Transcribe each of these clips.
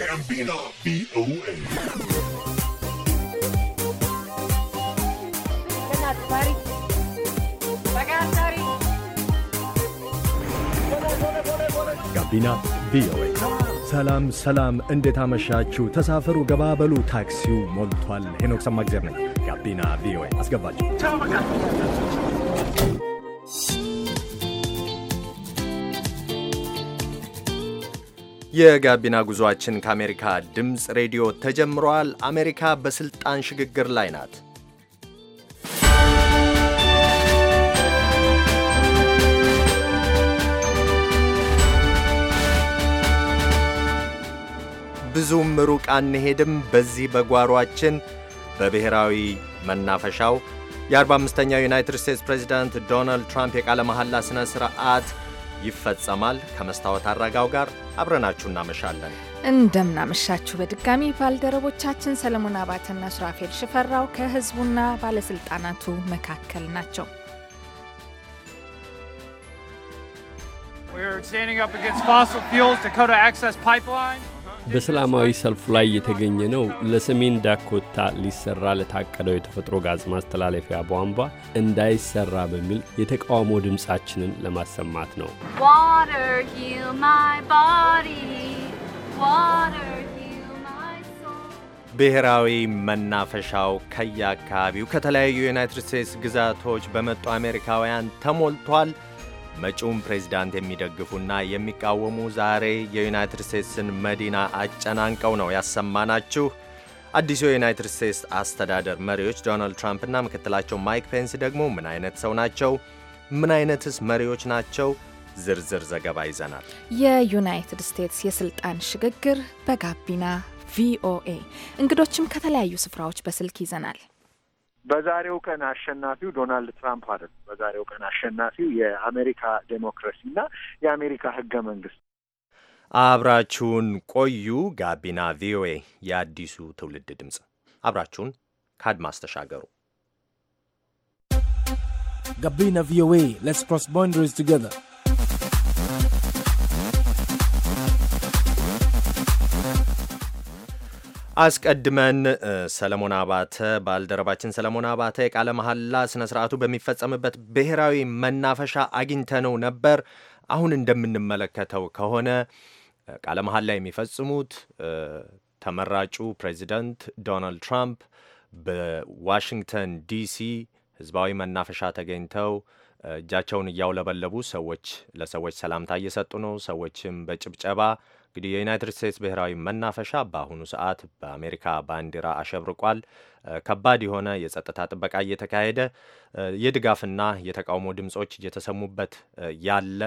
Bambino BOA. ጋቢና ቪኦኤ። ሰላም ሰላም፣ እንዴት አመሻችሁ? ተሳፈሩ፣ ገባበሉ፣ ታክሲው ሞልቷል። ሄኖክ ሰማግዜር ነኝ። ጋቢና ቪኦኤ አስገባችሁ። የጋቢና ጉዞአችን ከአሜሪካ ድምፅ ሬዲዮ ተጀምሯል። አሜሪካ በስልጣን ሽግግር ላይ ናት። ብዙም ሩቅ አንሄድም። በዚህ በጓሯችን በብሔራዊ መናፈሻው የ45ኛው ዩናይትድ ስቴትስ ፕሬዚዳንት ዶናልድ ትራምፕ የቃለ መሐላ ሥነ ሥርዓት ይፈጸማል። ከመስታወት አረጋው ጋር አብረናችሁ እናመሻለን። እንደምናመሻችሁ በድጋሚ ባልደረቦቻችን ሰለሞን አባተና ሱራፌል ሽፈራው ከህዝቡና ባለስልጣናቱ መካከል ናቸው። We are standing up against fossil fuels, Dakota Access Pipeline. በሰላማዊ ሰልፉ ላይ የተገኘ ነው ለሰሜን ዳኮታ ሊሰራ ለታቀደው የተፈጥሮ ጋዝ ማስተላለፊያ ቧንቧ እንዳይሰራ በሚል የተቃውሞ ድምፃችንን ለማሰማት ነው። ብሔራዊ መናፈሻው ከየአካባቢው ከተለያዩ የዩናይትድ ስቴትስ ግዛቶች በመጡ አሜሪካውያን ተሞልቷል። መጪውን ፕሬዚዳንት የሚደግፉና የሚቃወሙ ዛሬ የዩናይትድ ስቴትስን መዲና አጨናንቀው ነው ያሰማናችሁ። አዲሱ የዩናይትድ ስቴትስ አስተዳደር መሪዎች ዶናልድ ትራምፕና ምክትላቸው ማይክ ፔንስ ደግሞ ምን አይነት ሰው ናቸው? ምን አይነትስ መሪዎች ናቸው? ዝርዝር ዘገባ ይዘናል። የዩናይትድ ስቴትስ የስልጣን ሽግግር በጋቢና ቪኦኤ እንግዶችም ከተለያዩ ስፍራዎች በስልክ ይዘናል። በዛሬው ቀን አሸናፊው ዶናልድ ትራምፕ አይደሉ። በዛሬው ቀን አሸናፊው የአሜሪካ ዴሞክራሲና የአሜሪካ ህገ መንግስት። አብራችሁን ቆዩ። ጋቢና ቪኦኤ የአዲሱ ትውልድ ድምፅ፣ አብራችሁን ከአድማስ ተሻገሩ። ጋቢና ቪኦኤ ሌትስ ክሮስ ቦንደሪስ ቱጌዘር አስቀድመን ሰለሞን አባተ ባልደረባችን ሰለሞን አባተ የቃለ መሐላ ስነ ስርዓቱ በሚፈጸምበት ብሔራዊ መናፈሻ አግኝተነው ነበር። አሁን እንደምንመለከተው ከሆነ ቃለ መሐላ የሚፈጽሙት ተመራጩ ፕሬዚደንት ዶናልድ ትራምፕ በዋሽንግተን ዲሲ ህዝባዊ መናፈሻ ተገኝተው እጃቸውን እያውለበለቡ ሰዎች ለሰዎች ሰላምታ እየሰጡ ነው። ሰዎችም በጭብጨባ እንግዲህ የዩናይትድ ስቴትስ ብሔራዊ መናፈሻ በአሁኑ ሰዓት በአሜሪካ ባንዲራ አሸብርቋል። ከባድ የሆነ የጸጥታ ጥበቃ እየተካሄደ የድጋፍና የተቃውሞ ድምጾች እየተሰሙበት ያለ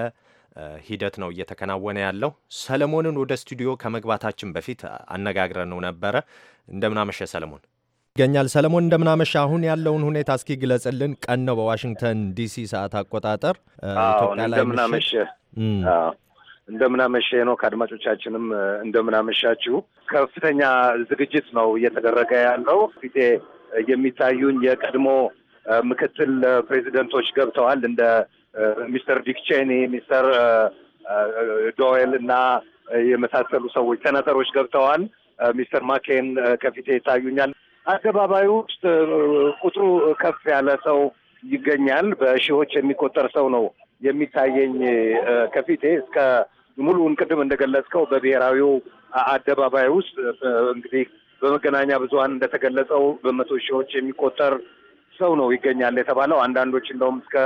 ሂደት ነው እየተከናወነ ያለው። ሰለሞንን ወደ ስቱዲዮ ከመግባታችን በፊት አነጋግረነው ነበረ። እንደምናመሸ ሰለሞን ይገኛል። ሰለሞን እንደምናመሻ። አሁን ያለውን ሁኔታ እስኪ ግለጽልን። ቀን ነው በዋሽንግተን ዲሲ ሰዓት አቆጣጠር ኢትዮጵያ ላይ ምናመሸ እንደምናመሸ ነው። ከአድማጮቻችንም እንደምናመሻችሁ። ከፍተኛ ዝግጅት ነው እየተደረገ ያለው። ፊቴ የሚታዩን የቀድሞ ምክትል ፕሬዚደንቶች ገብተዋል። እንደ ሚስተር ዲክ ቼኒ፣ ሚስተር ዶዌል እና የመሳሰሉ ሰዎች ሴናተሮች ገብተዋል። ሚስተር ማኬን ከፊቴ ይታዩኛል። አደባባዩ ውስጥ ቁጥሩ ከፍ ያለ ሰው ይገኛል። በሺዎች የሚቆጠር ሰው ነው የሚታየኝ ከፊቴ እስከ ሙሉውን ቅድም እንደገለጽከው በብሔራዊው አደባባይ ውስጥ እንግዲህ በመገናኛ ብዙኃን እንደተገለጸው በመቶ ሺዎች የሚቆጠር ሰው ነው ይገኛል የተባለው። አንዳንዶች እንደውም እስከ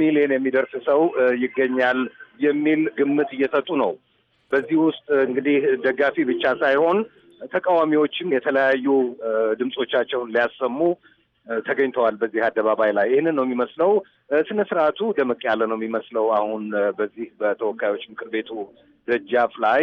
ሚሊዮን የሚደርስ ሰው ይገኛል የሚል ግምት እየሰጡ ነው። በዚህ ውስጥ እንግዲህ ደጋፊ ብቻ ሳይሆን ተቃዋሚዎችም የተለያዩ ድምጾቻቸውን ሊያሰሙ ተገኝተዋል በዚህ አደባባይ ላይ። ይህንን ነው የሚመስለው። ስነ ስርዓቱ ደመቅ ያለ ነው የሚመስለው። አሁን በዚህ በተወካዮች ምክር ቤቱ ደጃፍ ላይ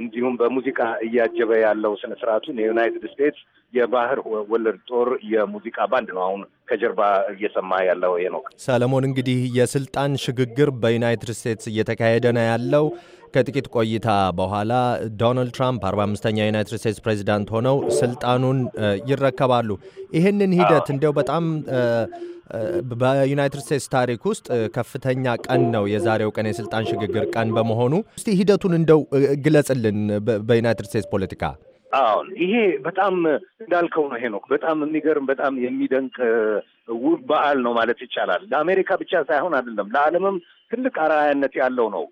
እንዲሁም በሙዚቃ እያጀበ ያለው ስነ ስርዓቱን የዩናይትድ ስቴትስ የባህር ወለድ ጦር የሙዚቃ ባንድ ነው። አሁን ከጀርባ እየሰማ ያለው ሄኖክ ሰለሞን፣ እንግዲህ የስልጣን ሽግግር በዩናይትድ ስቴትስ እየተካሄደ ነው ያለው። ከጥቂት ቆይታ በኋላ ዶናልድ ትራምፕ አርባ አምስተኛ የዩናይትድ ስቴትስ ፕሬዚዳንት ሆነው ስልጣኑን ይረከባሉ። ይህንን ሂደት እንዲያው በጣም በዩናይትድ ስቴትስ ታሪክ ውስጥ ከፍተኛ ቀን ነው የዛሬው ቀን፣ የስልጣን ሽግግር ቀን በመሆኑ እስቲ ሂደቱን እንደው ግለጽልን በዩናይትድ ስቴትስ ፖለቲካ። አሁን ይሄ በጣም እንዳልከው ነው ሄኖክ፣ በጣም የሚገርም በጣም የሚደንቅ ውብ በዓል ነው ማለት ይቻላል። ለአሜሪካ ብቻ ሳይሆን አይደለም፣ ለአለምም ትልቅ አራያነት ያለው ነው።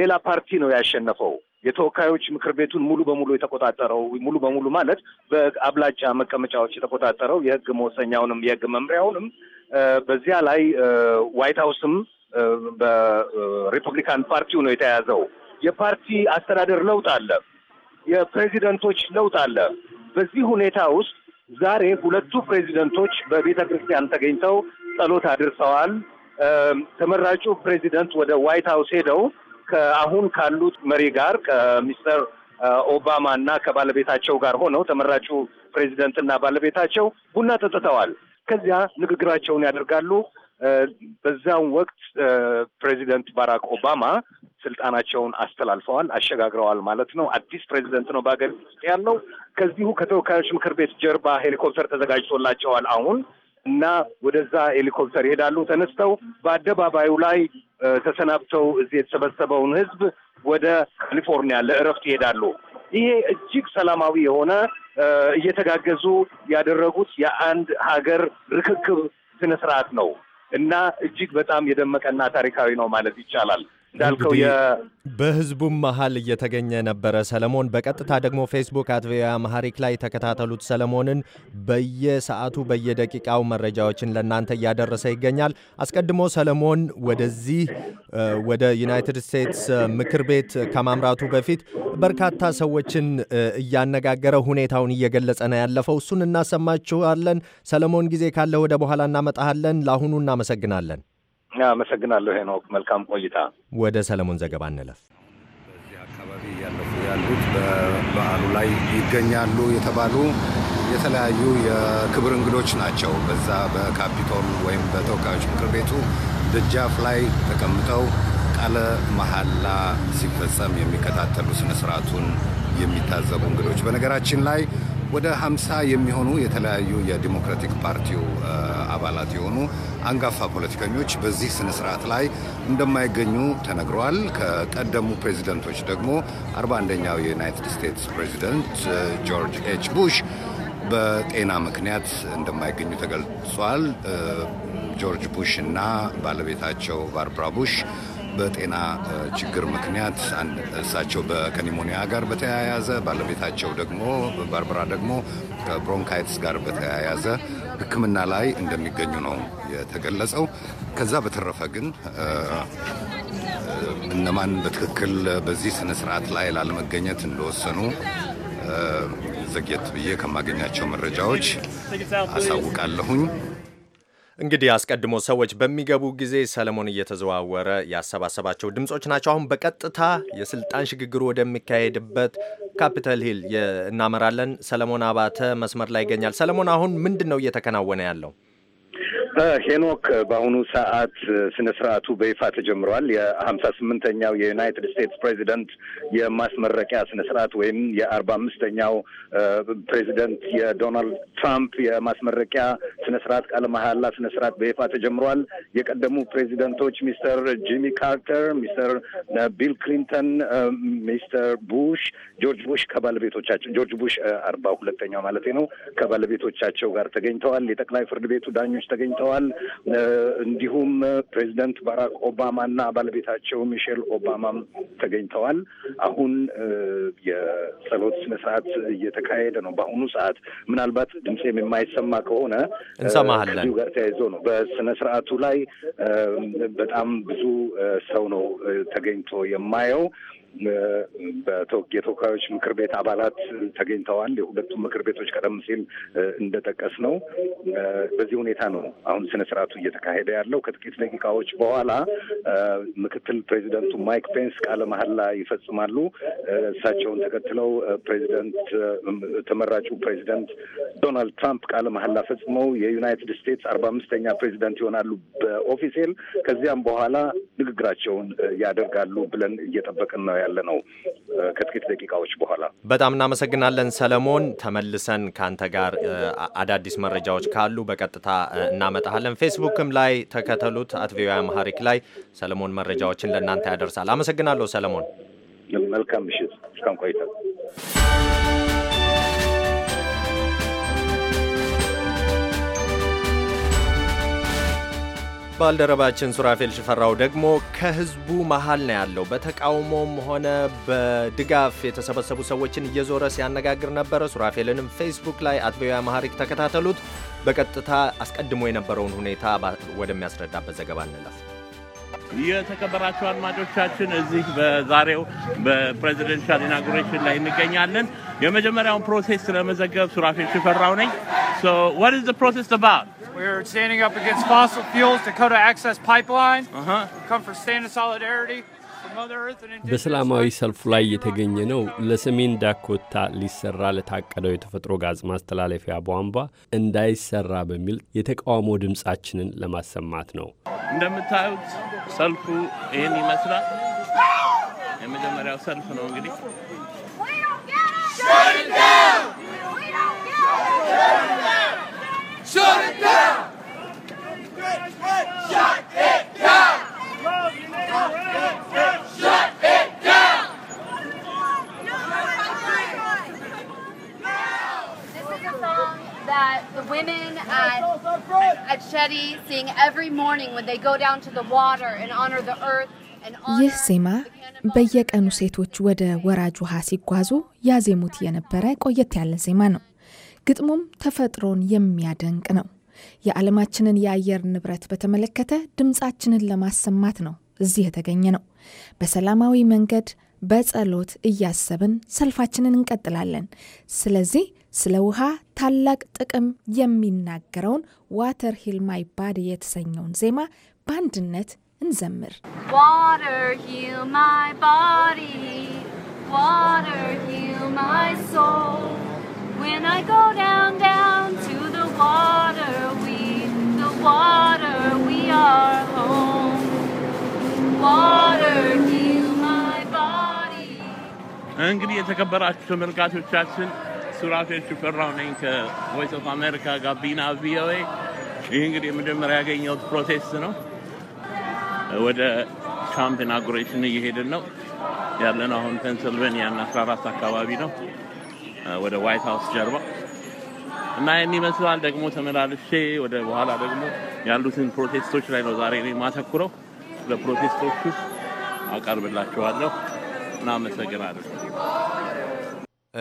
ሌላ ፓርቲ ነው ያሸነፈው የተወካዮች ምክር ቤቱን ሙሉ በሙሉ የተቆጣጠረው ሙሉ በሙሉ ማለት በአብላጫ መቀመጫዎች የተቆጣጠረው የህግ መወሰኛውንም የህግ መምሪያውንም በዚያ ላይ ዋይት ሀውስም በሪፐብሊካን ፓርቲው ነው የተያዘው። የፓርቲ አስተዳደር ለውጥ አለ፣ የፕሬዚደንቶች ለውጥ አለ። በዚህ ሁኔታ ውስጥ ዛሬ ሁለቱ ፕሬዚደንቶች በቤተ ክርስቲያን ተገኝተው ጸሎት አድርሰዋል። ተመራጩ ፕሬዚደንት ወደ ዋይት ሀውስ ሄደው ከአሁን ካሉት መሪ ጋር ከሚስተር ኦባማ እና ከባለቤታቸው ጋር ሆነው ተመራጩ ፕሬዚደንትና ባለቤታቸው ቡና ጠጥተዋል። ከዚያ ንግግራቸውን ያደርጋሉ። በዛው ወቅት ፕሬዚደንት ባራክ ኦባማ ስልጣናቸውን አስተላልፈዋል፣ አሸጋግረዋል ማለት ነው። አዲስ ፕሬዚደንት ነው በሀገር ውስጥ ያለው። ከዚሁ ከተወካዮች ምክር ቤት ጀርባ ሄሊኮፕተር ተዘጋጅቶላቸዋል አሁን እና ወደዛ ሄሊኮፕተር ይሄዳሉ። ተነስተው በአደባባዩ ላይ ተሰናብተው እዚህ የተሰበሰበውን ህዝብ ወደ ካሊፎርኒያ ለእረፍት ይሄዳሉ። ይሄ እጅግ ሰላማዊ የሆነ እየተጋገዙ ያደረጉት የአንድ ሀገር ርክክብ ስነ ስርዓት ነው እና እጅግ በጣም የደመቀና ታሪካዊ ነው ማለት ይቻላል። እንዳልከው በህዝቡም መሀል እየተገኘ ነበረ ሰለሞን። በቀጥታ ደግሞ ፌስቡክ አት ቪኦኤ አማሪክ ላይ ተከታተሉት ሰለሞንን በየሰዓቱ በየደቂቃው መረጃዎችን ለእናንተ እያደረሰ ይገኛል። አስቀድሞ ሰለሞን ወደዚህ ወደ ዩናይትድ ስቴትስ ምክር ቤት ከማምራቱ በፊት በርካታ ሰዎችን እያነጋገረ ሁኔታውን እየገለጸ ነው ያለፈው። እሱን እናሰማችኋለን። ሰለሞን ጊዜ ካለ ወደ በኋላ እናመጣሃለን። ለአሁኑ እናመሰግናለን። አመሰግናለሁ ሄኖክ። መልካም ቆይታ። ወደ ሰለሞን ዘገባ እንለፍ። በዚህ አካባቢ እያለፉ ያሉት በበዓሉ ላይ ይገኛሉ የተባሉ የተለያዩ የክብር እንግዶች ናቸው። በዛ በካፒቶል ወይም በተወካዮች ምክር ቤቱ ደጃፍ ላይ ተቀምጠው ቃለ መሐላ ሲፈጸም የሚከታተሉ ስነስርዓቱን የሚታዘቡ እንግዶች በነገራችን ላይ ወደ 50 የሚሆኑ የተለያዩ የዲሞክራቲክ ፓርቲው አባላት የሆኑ አንጋፋ ፖለቲከኞች በዚህ ስነ ስርዓት ላይ እንደማይገኙ ተነግረዋል። ከቀደሙ ፕሬዚደንቶች ደግሞ 41ኛው የዩናይትድ ስቴትስ ፕሬዚደንት ጆርጅ ኤች ቡሽ በጤና ምክንያት እንደማይገኙ ተገልጿል። ጆርጅ ቡሽ እና ባለቤታቸው ባርብራ ቡሽ በጤና ችግር ምክንያት እሳቸው ከኒሞኒያ ጋር በተያያዘ ባለቤታቸው ደግሞ ባርበራ ደግሞ ከብሮንካይትስ ጋር በተያያዘ ሕክምና ላይ እንደሚገኙ ነው የተገለጸው። ከዛ በተረፈ ግን እነማን በትክክል በዚህ ስነ ስርዓት ላይ ላለመገኘት እንደወሰኑ ዘግየት ብዬ ከማገኛቸው መረጃዎች አሳውቃለሁኝ። እንግዲህ አስቀድሞ ሰዎች በሚገቡ ጊዜ ሰለሞን እየተዘዋወረ ያሰባሰባቸው ድምጾች ናቸው። አሁን በቀጥታ የስልጣን ሽግግሩ ወደሚካሄድበት ካፒታል ሂል እናመራለን። ሰለሞን አባተ መስመር ላይ ይገኛል። ሰለሞን፣ አሁን ምንድን ነው እየተከናወነ ያለው? ሄኖክ በአሁኑ ሰዓት ስነ ስርዓቱ በይፋ ተጀምረዋል። የሀምሳ ስምንተኛው የዩናይትድ ስቴትስ ፕሬዚደንት የማስመረቂያ ስነ ስርዓት ወይም የአርባ አምስተኛው ፕሬዚደንት የዶናልድ ትራምፕ የማስመረቂያ ስነ ስርዓት ቃለ መሀላ ስነ ስርዓት በይፋ ተጀምረዋል። የቀደሙ ፕሬዚደንቶች ሚስተር ጂሚ ካርተር፣ ሚስተር ቢል ክሊንተን፣ ሚስተር ቡሽ፣ ጆርጅ ቡሽ ከባለቤቶቻቸው ጆርጅ ቡሽ አርባ ሁለተኛው ማለት ነው ከባለቤቶቻቸው ጋር ተገኝተዋል። የጠቅላይ ፍርድ ቤቱ ዳኞች ተገኝተዋል። ተቀምጠዋል። እንዲሁም ፕሬዚደንት ባራክ ኦባማና ባለቤታቸው ሚሼል ኦባማም ተገኝተዋል። አሁን የጸሎት ስነ ስርዓት እየተካሄደ ነው። በአሁኑ ሰዓት ምናልባት ድምፄም የማይሰማ ከሆነ እንሰማለን። ጋር ተያይዞ ነው። በስነ ስርዓቱ ላይ በጣም ብዙ ሰው ነው ተገኝቶ የማየው። የተወካዮች ምክር ቤት አባላት ተገኝተዋል። የሁለቱም ምክር ቤቶች ቀደም ሲል እንደጠቀስ ነው። በዚህ ሁኔታ ነው አሁን ስነ ስርዓቱ እየተካሄደ ያለው። ከጥቂት ደቂቃዎች በኋላ ምክትል ፕሬዚደንቱ ማይክ ፔንስ ቃለ መሀላ ይፈጽማሉ። እሳቸውን ተከትለው ፕሬዚደንት ተመራጩ ፕሬዚደንት ዶናልድ ትራምፕ ቃለ መሀላ ፈጽመው የዩናይትድ ስቴትስ አርባ አምስተኛ ፕሬዚደንት ይሆናሉ በኦፊሴል ከዚያም በኋላ ንግግራቸውን ያደርጋሉ ብለን እየጠበቅን ነው ያለ ነው ከጥቂት ደቂቃዎች በኋላ። በጣም እናመሰግናለን ሰለሞን። ተመልሰን ከአንተ ጋር አዳዲስ መረጃዎች ካሉ በቀጥታ እናመጣሃለን። ፌስቡክም ላይ ተከተሉት፣ አት ቪኦኤ አማሃሪክ ላይ ሰለሞን መረጃዎችን ለእናንተ ያደርሳል። አመሰግናለሁ ሰለሞን። መልካም ምሽት። እስካሁን ቆይታል። ባልደረባችን ሱራፌል ሽፈራው ደግሞ ከህዝቡ መሀል ነው ያለው። በተቃውሞም ሆነ በድጋፍ የተሰበሰቡ ሰዎችን እየዞረ ሲያነጋግር ነበረ። ሱራፌልንም ፌስቡክ ላይ አት አማሪክ ተከታተሉት። በቀጥታ አስቀድሞ የነበረውን ሁኔታ ወደሚያስረዳበት ዘገባ እንለፍ። የተከበራቸው አድማጮቻችን እዚህ በዛሬው በፕሬዚደንሻል ኢናጉሬሽን ላይ እንገኛለን። የመጀመሪያውን ፕሮሴስ ስለመዘገብ ሱራፌል ሽፈራው ነኝ። So what is the protest about? We're standing up against fossil fuels, Dakota Access Pipeline. Uh-huh. come for stand of solidarity. በሰላማዊ ሰልፉ ላይ የተገኘ ነው ለሰሜን ዳኮታ ሊሰራ ለታቀደው የተፈጥሮ ጋዝ ማስተላለፊያ ቧንቧ እንዳይሰራ በሚል የተቃውሞ ድምፃችንን ለማሰማት ነው። እንደምታዩት ሰልፉ ይህን ይመስላል። የመጀመሪያው ሰልፍ ነው እንግዲህ ይህ ዜማ በየቀኑ ሴቶች ወደ ወራጅ ውሃ ሲጓዙ ያዜሙት የነበረ ቆየት ያለ ዜማ ነው። ግጥሙም ተፈጥሮን የሚያደንቅ ነው። የዓለማችንን የአየር ንብረት በተመለከተ ድምፃችንን ለማሰማት ነው እዚህ የተገኘ ነው። በሰላማዊ መንገድ በጸሎት እያሰብን ሰልፋችንን እንቀጥላለን። ስለዚህ ስለ ውሃ ታላቅ ጥቅም የሚናገረውን ዋተር ሂል ማይ ባዲ የተሰኘውን ዜማ በአንድነት እንዘምር። ዋተር ሂል ማይ ባዲ ዋተር ሂል ማይ ሶል When I go down, down to the water, we, the water, we are home. Water, heal my body. እንግዲህ የተከበራችሁ ተመልካቾቻችን ሱራፌል ሽፈራው ነኝ ከቮይስ ኦፍ አሜሪካ ጋቢና ቪኦኤ። ይህ እንግዲህ የመጀመሪያ ያገኘሁት ፕሮቴስት ነው። ወደ ትራምፕ ኢናጉሬሽን እየሄድን ነው ያለነው። አሁን ፔንስልቬኒያ እና 14 አካባቢ ነው። ወደ ዋይት ሀውስ ጀርባ እና ይመስላል ደግሞ ተመላልሼ ወደ በኋላ ደግሞ ያሉትን ፕሮቴስቶች ላይ ነው ዛሬ እኔ ማተኩረው። ስለ ፕሮቴስቶቹ አቀርብላችኋለሁ። እናመሰግናለን።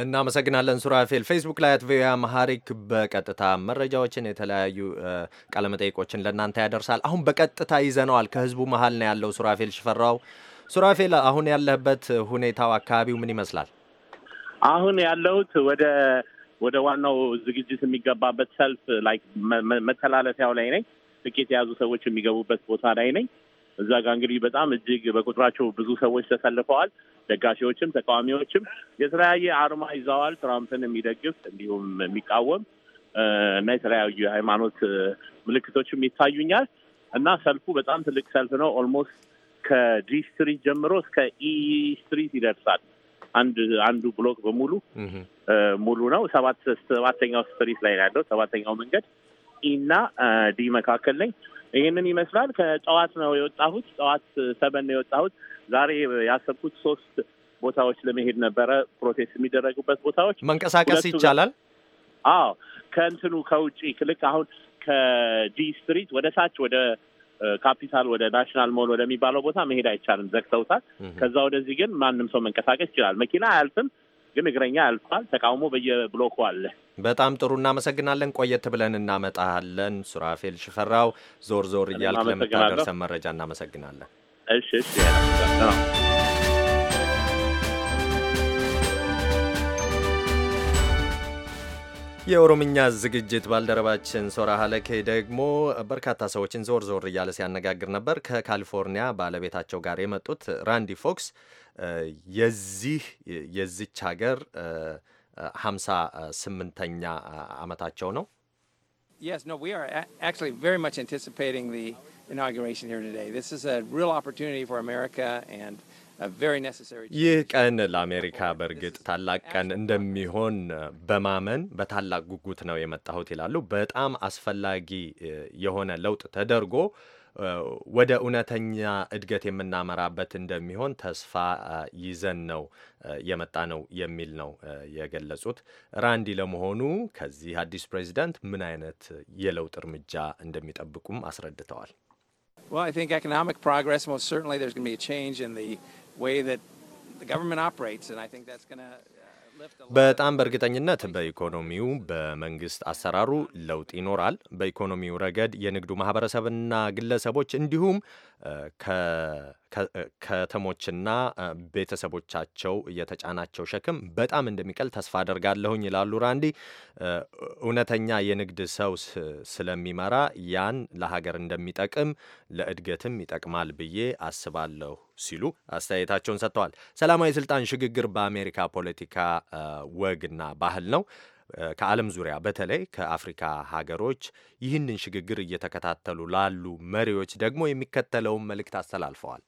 እናመሰግናለን ሱራፌል። ፌስቡክ ላይ አት ቪኦኤ አማሃሪክ በቀጥታ መረጃዎችን የተለያዩ ቃለመጠይቆችን ለእናንተ ያደርሳል። አሁን በቀጥታ ይዘነዋል። ከህዝቡ መሀል ነው ያለው ሱራፌል ሽፈራው። ሱራፌል፣ አሁን ያለህበት ሁኔታው አካባቢው ምን ይመስላል? አሁን ያለሁት ወደ ወደ ዋናው ዝግጅት የሚገባበት ሰልፍ ላይ መተላለፊያው ላይ ነኝ። ትኬት የያዙ ሰዎች የሚገቡበት ቦታ ላይ ነኝ። እዛ ጋር እንግዲህ በጣም እጅግ በቁጥራቸው ብዙ ሰዎች ተሰልፈዋል። ደጋፊዎችም ተቃዋሚዎችም የተለያየ አርማ ይዘዋል። ትራምፕን የሚደግፍ እንዲሁም የሚቃወም እና የተለያዩ የሃይማኖት ምልክቶችም ይታዩኛል እና ሰልፉ በጣም ትልቅ ሰልፍ ነው። ኦልሞስት ከዲ ስትሪት ጀምሮ እስከ ኢ ስትሪት ይደርሳል። አንድ አንዱ ብሎክ በሙሉ ሙሉ ነው። ሰባት ሰባተኛው ስትሪት ላይ ያለው ሰባተኛው መንገድ ኢና ዲ መካከል ነኝ ይህንን ይመስላል። ከጠዋት ነው የወጣሁት። ጠዋት ሰበን ነው የወጣሁት። ዛሬ ያሰብኩት ሶስት ቦታዎች ለመሄድ ነበረ። ፕሮቴስት የሚደረጉበት ቦታዎች መንቀሳቀስ ይቻላል። አዎ ከእንትኑ ከውጭ ልክ አሁን ከዲ ስትሪት ወደ ታች ወደ ካፒታል ወደ ናሽናል ሞል ወደሚባለው ቦታ መሄድ አይቻልም፣ ዘግተውታል። ከዛ ወደዚህ ግን ማንም ሰው መንቀሳቀስ ይችላል። መኪና አያልፍም፣ ግን እግረኛ ያልፋል። ተቃውሞ በየብሎኩ አለ። በጣም ጥሩ እናመሰግናለን። ቆየት ብለን እናመጣለን። ሱራፌል ሽፈራው ዞር ዞር እያልክ ለምታደርሰን መረጃ እናመሰግናለን። እሺ እሺ የኦሮምኛ ዝግጅት ባልደረባችን ሶራ ሀለኬ ደግሞ በርካታ ሰዎችን ዞር ዞር እያለ ሲያነጋግር ነበር። ከካሊፎርኒያ ባለቤታቸው ጋር የመጡት ራንዲ ፎክስ የዚህ የዚች ሀገር ሀምሳ ስምንተኛ አመታቸው ነው። inauguration here today. This is አ real opportunity for America and ይህ ቀን ለአሜሪካ በእርግጥ ታላቅ ቀን እንደሚሆን በማመን በታላቅ ጉጉት ነው የመጣሁት ይላሉ። በጣም አስፈላጊ የሆነ ለውጥ ተደርጎ ወደ እውነተኛ እድገት የምናመራበት እንደሚሆን ተስፋ ይዘን ነው የመጣ ነው የሚል ነው የገለጹት። ራንዲ ለመሆኑ ከዚህ አዲስ ፕሬዚዳንት ምን አይነት የለውጥ እርምጃ እንደሚጠብቁም አስረድተዋል። Well, I think economic progress, most certainly there's going to be a change in the Uh, በጣም በእርግጠኝነት በኢኮኖሚው በመንግስት አሰራሩ ለውጥ ይኖራል። በኢኮኖሚው ረገድ የንግዱ ማህበረሰብና ግለሰቦች እንዲሁም uh, ከተሞችና ቤተሰቦቻቸው የተጫናቸው ሸክም በጣም እንደሚቀል ተስፋ አደርጋለሁኝ ይላሉ ራንዲ። እውነተኛ የንግድ ሰው ስለሚመራ ያን ለሀገር እንደሚጠቅም ለእድገትም ይጠቅማል ብዬ አስባለሁ ሲሉ አስተያየታቸውን ሰጥተዋል። ሰላማዊ ስልጣን ሽግግር በአሜሪካ ፖለቲካ ወግና ባህል ነው። ከዓለም ዙሪያ በተለይ ከአፍሪካ ሀገሮች ይህንን ሽግግር እየተከታተሉ ላሉ መሪዎች ደግሞ የሚከተለውን መልእክት አስተላልፈዋል።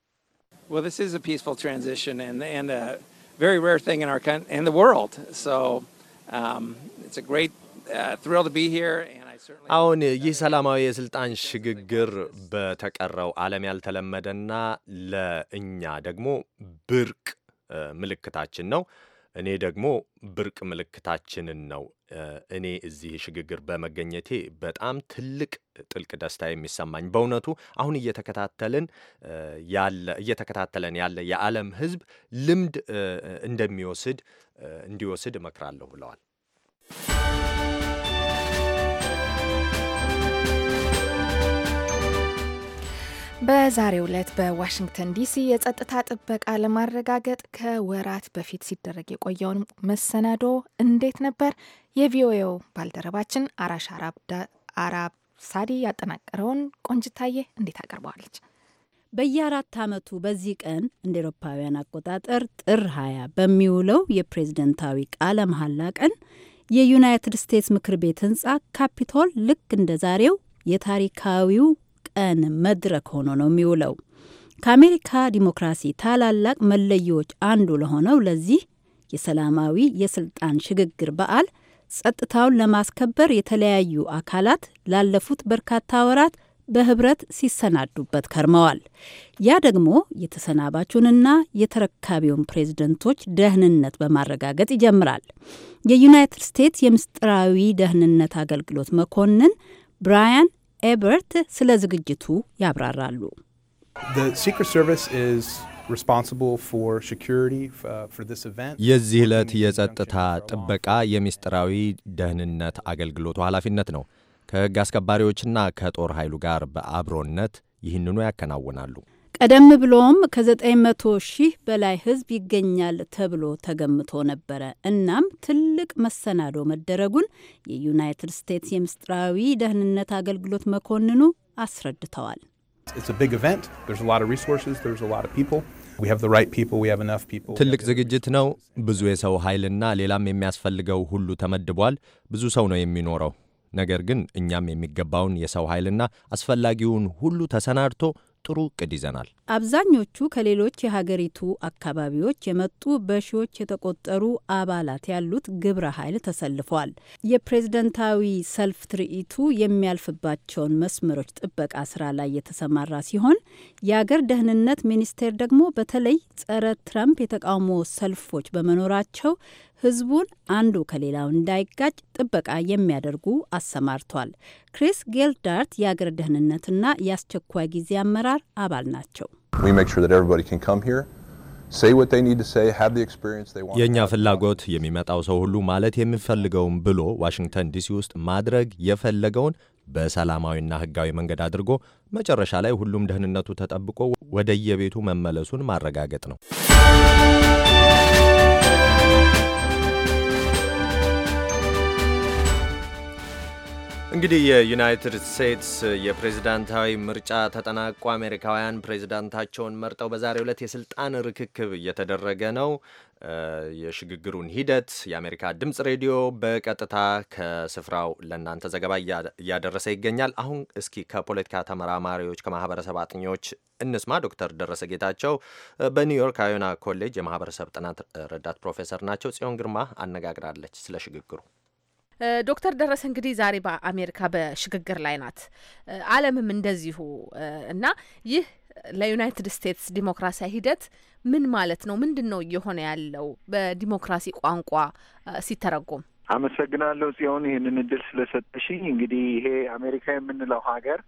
Well, this is a peaceful transition and, and a very rare thing in our country and the world. So um, it's a great uh, thrill to be here. And I certainly አሁን uh, ይህ ሰላማዊ የስልጣን ሽግግር በተቀረው ዓለም ያልተለመደና ለእኛ ደግሞ ብርቅ uh, ምልክታችን ነው። እኔ ደግሞ ብርቅ ምልክታችንን ነው እኔ እዚህ ሽግግር በመገኘቴ በጣም ትልቅ ጥልቅ ደስታ የሚሰማኝ በእውነቱ አሁን እየተከታተልን ያለ እየተከታተለን ያለ የዓለም ሕዝብ ልምድ እንደሚወስድ እንዲወስድ እመክራለሁ ብለዋል። በዛሬው ዕለት በዋሽንግተን ዲሲ የጸጥታ ጥበቃ ለማረጋገጥ ከወራት በፊት ሲደረግ የቆየውን መሰናዶ እንዴት ነበር? የቪኦኤው ባልደረባችን አራሽ አራብ ሳዲ ያጠናቀረውን ቆንጅታዬ እንዴት አቀርበዋለች? በየአራት ዓመቱ በዚህ ቀን እንደ ኤሮፓውያን አቆጣጠር ጥር 20 በሚውለው የፕሬዝደንታዊ ቃለ መሐላ ቀን የዩናይትድ ስቴትስ ምክር ቤት ህንጻ ካፒቶል ልክ እንደ ዛሬው የታሪካዊው ቀን መድረክ ሆኖ ነው የሚውለው። ከአሜሪካ ዲሞክራሲ ታላላቅ መለያዎች አንዱ ለሆነው ለዚህ የሰላማዊ የስልጣን ሽግግር በዓል ጸጥታውን ለማስከበር የተለያዩ አካላት ላለፉት በርካታ ወራት በህብረት ሲሰናዱበት ከርመዋል። ያ ደግሞ የተሰናባቹንና የተረካቢውን ፕሬዝደንቶች ደህንነት በማረጋገጥ ይጀምራል። የዩናይትድ ስቴትስ የምስጢራዊ ደህንነት አገልግሎት መኮንን ብራያን ኤበርት ስለ ዝግጅቱ ያብራራሉ። uh, የዚህ ዕለት የጸጥታ ጥበቃ የሚስጥራዊ ደህንነት አገልግሎቱ ኃላፊነት ነው። ከሕግ አስከባሪዎችና ከጦር ኃይሉ ጋር በአብሮነት ይህንኑ ያከናውናሉ። ቀደም ብሎም ከ900 ሺህ በላይ ህዝብ ይገኛል ተብሎ ተገምቶ ነበረ። እናም ትልቅ መሰናዶ መደረጉን የዩናይትድ ስቴትስ የምስጢራዊ ደህንነት አገልግሎት መኮንኑ አስረድተዋል። ትልቅ ዝግጅት ነው። ብዙ የሰው ኃይልና ሌላም የሚያስፈልገው ሁሉ ተመድቧል። ብዙ ሰው ነው የሚኖረው። ነገር ግን እኛም የሚገባውን የሰው ኃይልና አስፈላጊውን ሁሉ ተሰናድቶ ጥሩ እቅድ ይዘናል። አብዛኞቹ ከሌሎች የሀገሪቱ አካባቢዎች የመጡ በሺዎች የተቆጠሩ አባላት ያሉት ግብረ ኃይል ተሰልፏል። የፕሬዝደንታዊ ሰልፍ ትርኢቱ የሚያልፍባቸውን መስመሮች ጥበቃ ስራ ላይ የተሰማራ ሲሆን የአገር ደህንነት ሚኒስቴር ደግሞ በተለይ ጸረ ትራምፕ የተቃውሞ ሰልፎች በመኖራቸው ህዝቡን አንዱ ከሌላው እንዳይጋጭ ጥበቃ የሚያደርጉ አሰማርቷል። ክሪስ ጌልዳርት የአገር ደህንነትና የአስቸኳይ ጊዜ አመራር አባል ናቸው። የእኛ ፍላጎት የሚመጣው ሰው ሁሉ ማለት የሚፈልገውን ብሎ ዋሽንግተን ዲሲ ውስጥ ማድረግ የፈለገውን በሰላማዊና ሕጋዊ መንገድ አድርጎ መጨረሻ ላይ ሁሉም ደህንነቱ ተጠብቆ ወደየቤቱ መመለሱን ማረጋገጥ ነው። እንግዲህ የዩናይትድ ስቴትስ የፕሬዝዳንታዊ ምርጫ ተጠናቆ አሜሪካውያን ፕሬዝዳንታቸውን መርጠው በዛሬው ዕለት የስልጣን ርክክብ እየተደረገ ነው። የሽግግሩን ሂደት የአሜሪካ ድምፅ ሬዲዮ በቀጥታ ከስፍራው ለእናንተ ዘገባ እያደረሰ ይገኛል። አሁን እስኪ ከፖለቲካ ተመራማሪዎች፣ ከማህበረሰብ አጥኚዎች እንስማ። ዶክተር ደረሰ ጌታቸው በኒውዮርክ አዮና ኮሌጅ የማህበረሰብ ጥናት ረዳት ፕሮፌሰር ናቸው። ጽዮን ግርማ አነጋግራለች ስለ ሽግግሩ ዶክተር ደረሰ እንግዲህ ዛሬ በአሜሪካ በሽግግር ላይ ናት፣ አለምም እንደዚሁ እና ይህ ለዩናይትድ ስቴትስ ዲሞክራሲያዊ ሂደት ምን ማለት ነው? ምንድን ነው እየሆነ ያለው በዲሞክራሲ ቋንቋ ሲተረጎም? አመሰግናለሁ ጽዮን ይህንን እድል ስለሰጠሽኝ። እንግዲህ ይሄ አሜሪካ የምንለው ሀገር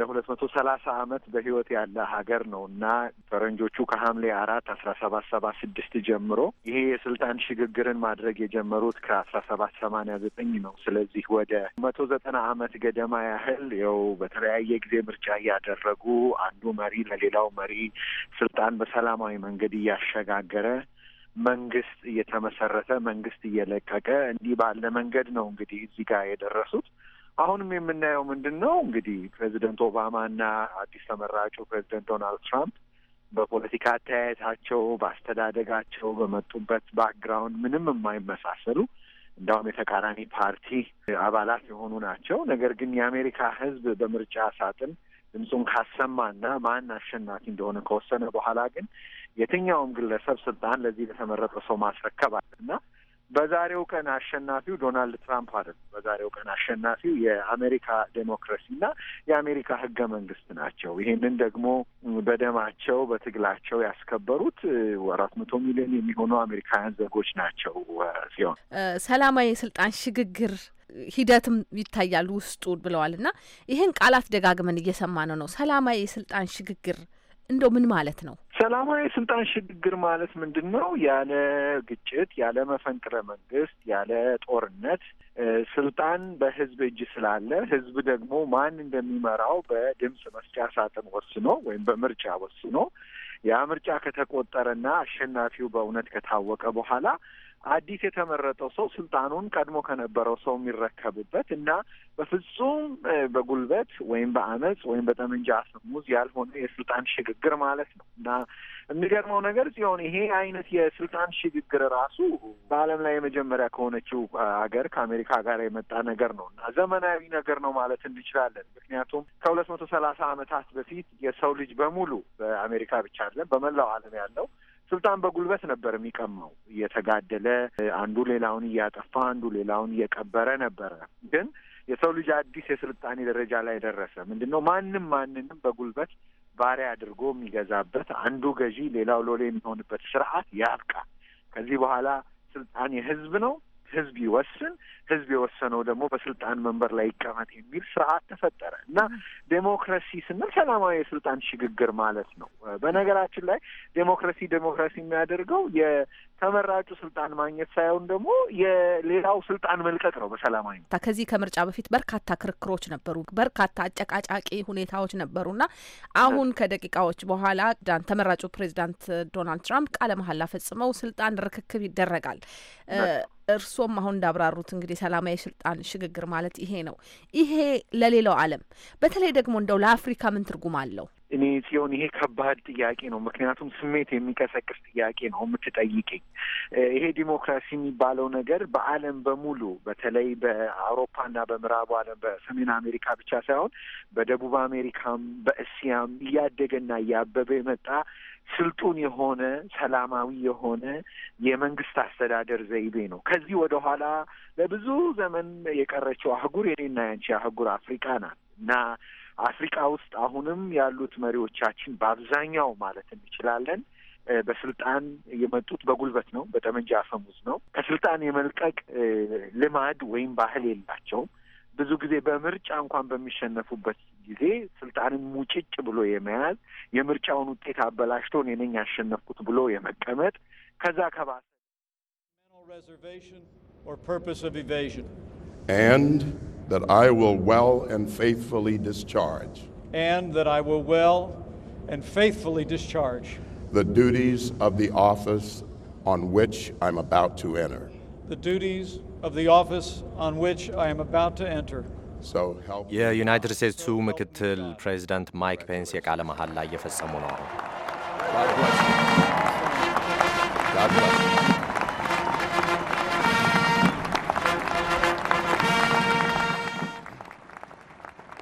ለሁለት መቶ ሰላሳ አመት በህይወት ያለ ሀገር ነው እና ፈረንጆቹ ከሀምሌ አራት አስራ ሰባት ሰባ ስድስት ጀምሮ ይሄ የስልጣን ሽግግርን ማድረግ የጀመሩት ከአስራ ሰባት ሰማንያ ዘጠኝ ነው። ስለዚህ ወደ መቶ ዘጠና አመት ገደማ ያህል ያው በተለያየ ጊዜ ምርጫ እያደረጉ አንዱ መሪ ለሌላው መሪ ስልጣን በሰላማዊ መንገድ እያሸጋገረ መንግስት እየተመሰረተ መንግስት እየለቀቀ እንዲህ ባለ መንገድ ነው እንግዲህ እዚህ ጋር የደረሱት። አሁንም የምናየው ምንድን ነው እንግዲህ ፕሬዚደንት ኦባማና አዲስ ተመራጩ ፕሬዚደንት ዶናልድ ትራምፕ በፖለቲካ አተያየታቸው፣ በአስተዳደጋቸው፣ በመጡበት ባክግራውንድ ምንም የማይመሳሰሉ እንዲሁም የተቃራኒ ፓርቲ አባላት የሆኑ ናቸው። ነገር ግን የአሜሪካ ሕዝብ በምርጫ ሳጥን ድምፁን ካሰማና ማን አሸናፊ እንደሆነ ከወሰነ በኋላ ግን የትኛውም ግለሰብ ስልጣን ለዚህ ለተመረጠ ሰው ማስረከብ አለና በዛሬው ቀን አሸናፊው ዶናልድ ትራምፕ አይደሉም። በዛሬው ቀን አሸናፊው የአሜሪካ ዴሞክራሲና የአሜሪካ ህገ መንግስት ናቸው። ይሄንን ደግሞ በደማቸው በትግላቸው ያስከበሩት አራት መቶ ሚሊዮን የሚሆኑ አሜሪካውያን ዜጎች ናቸው። ሲሆን ሰላማዊ የስልጣን ሽግግር ሂደትም ይታያል ውስጡ ብለዋል እና ይህን ቃላት ደጋግመን እየሰማን ነው። ሰላማዊ የስልጣን ሽግግር እንደው ምን ማለት ነው? ሰላማዊ የስልጣን ሽግግር ማለት ምንድን ነው? ያለ ግጭት፣ ያለ መፈንቅለ መንግስት፣ ያለ ጦርነት ስልጣን በህዝብ እጅ ስላለ ህዝብ ደግሞ ማን እንደሚመራው በድምፅ መስጫ ሳጥን ወስኖ ወይም በምርጫ ወስኖ ያ ምርጫ ከተቆጠረና አሸናፊው በእውነት ከታወቀ በኋላ አዲስ የተመረጠው ሰው ስልጣኑን ቀድሞ ከነበረው ሰው የሚረከብበት እና በፍጹም በጉልበት ወይም በአመፅ ወይም በጠመንጃ አስሙዝ ያልሆነ የስልጣን ሽግግር ማለት ነው እና የሚገርመው ነገር ሲሆን ይሄ አይነት የስልጣን ሽግግር ራሱ በዓለም ላይ የመጀመሪያ ከሆነችው ሀገር ከአሜሪካ ጋር የመጣ ነገር ነው እና ዘመናዊ ነገር ነው ማለት እንችላለን። ምክንያቱም ከሁለት መቶ ሰላሳ አመታት በፊት የሰው ልጅ በሙሉ በአሜሪካ ብቻ አይደለም በመላው ዓለም ያለው ስልጣን በጉልበት ነበር የሚቀማው። እየተጋደለ አንዱ ሌላውን እያጠፋ፣ አንዱ ሌላውን እየቀበረ ነበረ። ግን የሰው ልጅ አዲስ የስልጣኔ ደረጃ ላይ ደረሰ። ምንድን ነው ማንም ማንንም በጉልበት ባሪያ አድርጎ የሚገዛበት አንዱ ገዢ ሌላው ሎሌ የሚሆንበት ስርዓት ያብቃ። ከዚህ በኋላ ስልጣን የህዝብ ነው። ህዝብ ይወስን፣ ህዝብ የወሰነው ደግሞ በስልጣን መንበር ላይ ይቀመጥ የሚል ስርዓት ተፈጠረ እና ዴሞክራሲ ስንል ሰላማዊ የስልጣን ሽግግር ማለት ነው። በነገራችን ላይ ዴሞክራሲ ዴሞክራሲ የሚያደርገው የተመራጩ ስልጣን ማግኘት ሳይሆን ደግሞ የሌላው ስልጣን መልቀቅ ነው በሰላማዊ ከዚህ ከምርጫ በፊት በርካታ ክርክሮች ነበሩ፣ በርካታ አጨቃጫቂ ሁኔታዎች ነበሩና አሁን ከደቂቃዎች በኋላ ተመራጩ ፕሬዚዳንት ዶናልድ ትራምፕ ቃለ መሀላ ፈጽመው ስልጣን ርክክብ ይደረጋል። እርሶም አሁን እንዳብራሩት እንግዲህ ሰላማዊ ስልጣን ሽግግር ማለት ይሄ ነው። ይሄ ለሌላው ዓለም በተለይ ደግሞ እንደው ለአፍሪካ ምን ትርጉም አለው? እኔ ጽዮን፣ ይሄ ከባድ ጥያቄ ነው። ምክንያቱም ስሜት የሚቀሰቅስ ጥያቄ ነው የምትጠይቅኝ። ይሄ ዲሞክራሲ የሚባለው ነገር በዓለም በሙሉ በተለይ በአውሮፓና በምዕራቡ ዓለም በሰሜን አሜሪካ ብቻ ሳይሆን በደቡብ አሜሪካም በእስያም እያደገና እያበበ የመጣ ስልጡን የሆነ ሰላማዊ የሆነ የመንግስት አስተዳደር ዘይቤ ነው። ከዚህ ወደ ኋላ ለብዙ ዘመን የቀረችው አህጉር የኔና ያንቺ አህጉር አፍሪካ ናት እና አፍሪካ ውስጥ አሁንም ያሉት መሪዎቻችን በአብዛኛው ማለት እንችላለን በስልጣን የመጡት በጉልበት ነው፣ በጠመንጃ አፈሙዝ ነው። ከስልጣን የመልቀቅ ልማድ ወይም ባህል የላቸውም። ብዙ ጊዜ በምርጫ እንኳን በሚሸነፉበት ጊዜ ስልጣንን ሙጭጭ ብሎ የመያዝ የምርጫውን ውጤት አበላሽቶ እኔ ነኝ ያሸነፍኩት ብሎ የመቀመጥ ከዛ ከባሰ that I will well and faithfully discharge. And that I will well and faithfully discharge. The duties of the office on which I'm about to enter. The duties of the office on which I am about to enter. የዩናይትድ ስቴትሱ ምክትል ፕሬዚዳንት ማይክ ፔንስ የቃለ መሐላ እየፈጸሙ ነው አሁን።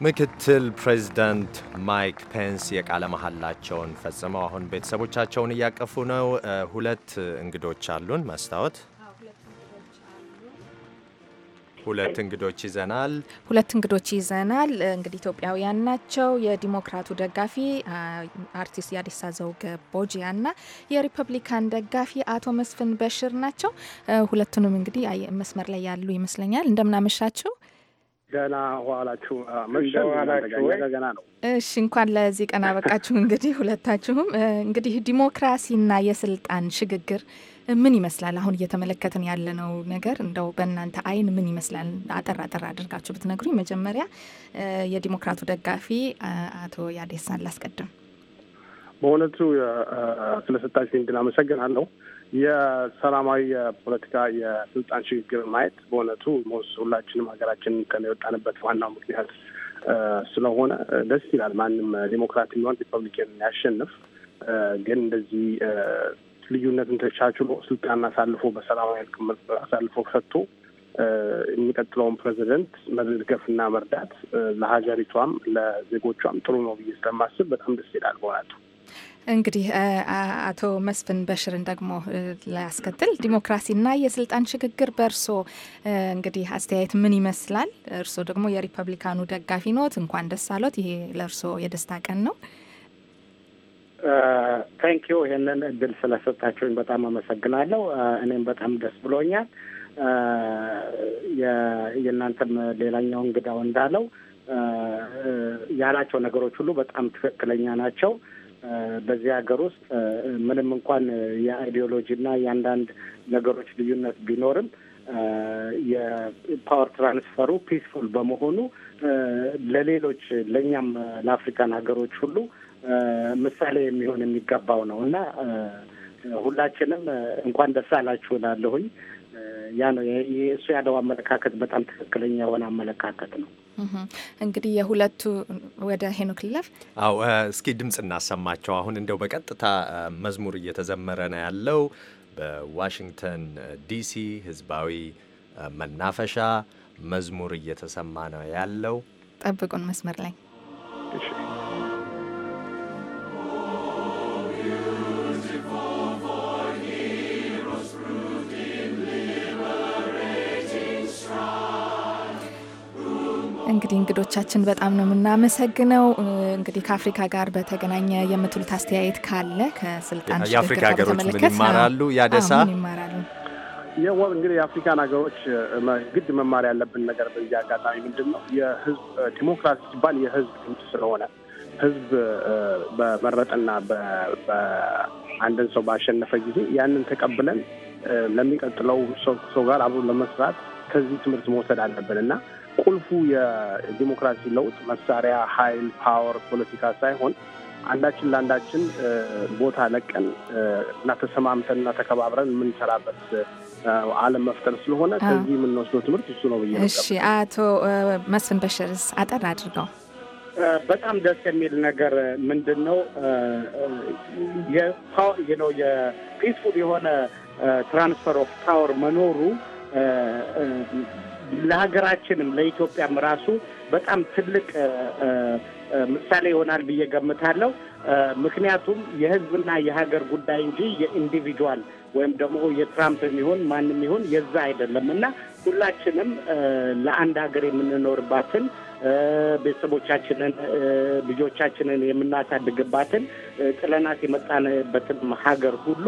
ምክትል ፕሬዚዳንት ማይክ ፔንስ የቃለ መሐላቸውን ፈጽመው አሁን ቤተሰቦቻቸውን እያቀፉ ነው። ሁለት እንግዶች አሉን። መስታወት፣ ሁለት እንግዶች ይዘናል። ሁለት እንግዶች ይዘናል። እንግዲህ ኢትዮጵያውያን ናቸው። የዲሞክራቱ ደጋፊ አርቲስት የአዲሳ ዘውገ ቦጂያ እና የሪፐብሊካን ደጋፊ አቶ መስፍን በሽር ናቸው። ሁለቱንም እንግዲህ መስመር ላይ ያሉ ይመስለኛል። እንደምናመሻችሁ ገና ኋላችሁ መሸዋላችሁ ነው። እሺ እንኳን ለዚህ ቀን አበቃችሁ። እንግዲህ ሁለታችሁም እንግዲህ ዲሞክራሲና የስልጣን ሽግግር ምን ይመስላል? አሁን እየተመለከትን ያለነው ነገር እንደው በእናንተ አይን ምን ይመስላል? አጠር አጠር አድርጋችሁ ብትነግሩኝ። መጀመሪያ የዲሞክራቱ ደጋፊ አቶ ያዴሳን ላስቀድም። በእውነቱ ስለሰጣችሁ እንድን አመሰግናለሁ። የሰላማዊ የፖለቲካ የስልጣን ሽግግር ማየት በእውነቱ ሞስ ሁላችንም ሀገራችን ከሚወጣንበት ዋናው ምክንያት ስለሆነ ደስ ይላል። ማንም ዴሞክራት የሚሆን ሪፐብሊካን ያሸንፍ። ግን እንደዚህ ልዩነትን ተቻችሎ ስልጣን አሳልፎ በሰላማዊ ልክ አሳልፎ ሰጥቶ የሚቀጥለውን ፕሬዚደንት መደገፍና መርዳት ለሀገሪቷም ለዜጎቿም ጥሩ ነው ብዬ ስለማስብ በጣም ደስ ይላል በእውነቱ። እንግዲህ አቶ መስፍን በሽርን ደግሞ ላያስከትል ዲሞክራሲና የስልጣን ሽግግር በእርሶ እንግዲህ አስተያየት ምን ይመስላል? እርሶ ደግሞ የሪፐብሊካኑ ደጋፊ ኖት። እንኳን ደስ አሎት። ይሄ ለእርሶ የደስታ ቀን ነው። ዩ ይህንን እድል ስለሰጣችሁኝ በጣም አመሰግናለሁ። እኔም በጣም ደስ ብሎኛል። የእናንተም ሌላኛው እንግዳው እንዳለው ያላቸው ነገሮች ሁሉ በጣም ትክክለኛ ናቸው። በዚህ ሀገር ውስጥ ምንም እንኳን የአይዲዮሎጂና የአንዳንድ ነገሮች ልዩነት ቢኖርም የፓወር ትራንስፈሩ ፒስፉል በመሆኑ ለሌሎች ለእኛም ለአፍሪካን ሀገሮች ሁሉ ምሳሌ የሚሆን የሚገባው ነው እና ሁላችንም እንኳን ደስ አላችሁ እላለሁኝ። ያ ነው እሱ ያለው አመለካከት በጣም ትክክለኛ የሆነ አመለካከት ነው። እንግዲህ የሁለቱ ወደ ሄኖክ ልለፍ። አው እስኪ ድምፅ እናሰማቸው። አሁን እንደው በቀጥታ መዝሙር እየተዘመረ ነው ያለው በዋሽንግተን ዲሲ ህዝባዊ መናፈሻ መዝሙር እየተሰማ ነው ያለው። ጠብቁን መስመር ላይ እንግዲህ እንግዶቻችን በጣም ነው የምናመሰግነው። እንግዲህ ከአፍሪካ ጋር በተገናኘ የምትሉት አስተያየት ካለ ከስልጣን የአፍሪካ ሀገሮች ምን ይማራሉ ያደሳ ይማራሉ። የወብ እንግዲህ የአፍሪካን ሀገሮች ግድ መማር ያለብን ነገር በዚህ አጋጣሚ ምንድን ነው የህዝብ ዲሞክራሲ ሲባል የህዝብ ድምፅ ስለሆነ ህዝብ በመረጠና አንድን ሰው ባሸነፈ ጊዜ ያንን ተቀብለን ለሚቀጥለው ሰው ጋር አብሮ ለመስራት ከዚህ ትምህርት መውሰድ አለብን እና ቁልፉ የዲሞክራሲ ለውጥ መሳሪያ፣ ሀይል ፓወር፣ ፖለቲካ ሳይሆን አንዳችን ለአንዳችን ቦታ ለቀን እና ተሰማምተን እና ተከባብረን የምንሰራበት አለም መፍጠር ስለሆነ ከዚህ የምንወስደው ትምህርት እሱ ነው ብዬ። እሺ አቶ መስፍን በሽርስ አጠር አድርገው። በጣም ደስ የሚል ነገር ምንድን ነው ነው የፒስፉል የሆነ ትራንስፈር ኦፍ ፓወር መኖሩ ለሀገራችንም ለኢትዮጵያም ራሱ በጣም ትልቅ ምሳሌ ይሆናል ብዬ ገምታለሁ። ምክንያቱም የህዝብና የሀገር ጉዳይ እንጂ የኢንዲቪጁዋል ወይም ደግሞ የትራምፕ ይሁን ማንም ይሆን የዛ አይደለም እና ሁላችንም ለአንድ ሀገር የምንኖርባትን ቤተሰቦቻችንን፣ ልጆቻችንን የምናሳድግባትን ጥለናት የመጣንበትን ሀገር ሁሉ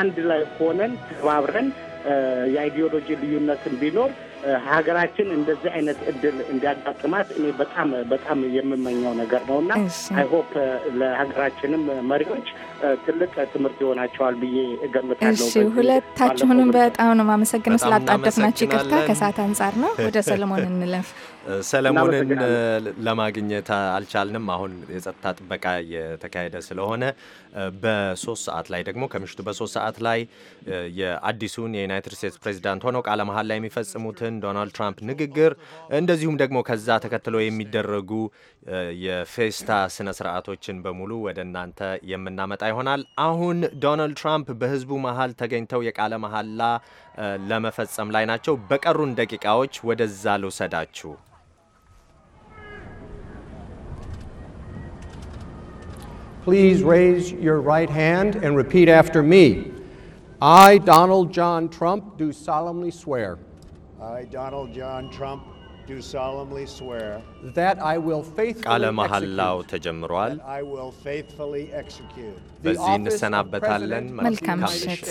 አንድ ላይ ሆነን ተባብረን የአይዲዮሎጂ ልዩነትን ቢኖር ሀገራችን እንደዚህ አይነት እድል እንዲያጋጥማት እኔ በጣም በጣም የምመኘው ነገር ነው እና አይሆፕ ለሀገራችንም መሪዎች ትልቅ ትምህርት ይሆናቸዋል ብዬ እገምታለሁ። እሺ ሁለታችሁንም በጣም ነው ማመሰግነው ስላጣደፍናቸው ይቅርታ። ከሰዓት አንጻር ነው። ወደ ሰለሞን እንለፍ። ሰለሞንን ለማግኘት አልቻልንም። አሁን የጸጥታ ጥበቃ የተካሄደ ስለሆነ በሶስት ሰዓት ላይ ደግሞ ከምሽቱ በሶስት ሰዓት ላይ የአዲሱን የዩናይትድ ስቴትስ ፕሬዚዳንት ሆነው ቃለ መሀል ላይ የሚፈጽሙትን ዶናልድ ትራምፕ ንግግር እንደዚሁም ደግሞ ከዛ ተከትሎ የሚደረጉ የፌስታ ስነ ስርዓቶችን በሙሉ ወደ እናንተ የምናመጣ ይሆናል። አሁን ዶናልድ ትራምፕ በህዝቡ መሀል ተገኝተው የቃለ መሀላ ለመፈጸም ላይ ናቸው። በቀሩን ደቂቃዎች ወደዛ ልውሰዳችሁ። Please raise your right hand and repeat after me. I, Donald John Trump, do solemnly swear. I, Donald John Trump, ቃለ መሐላው ተጀምሯል። በዚህ እንሰናበታለን። መልካም ምሽት።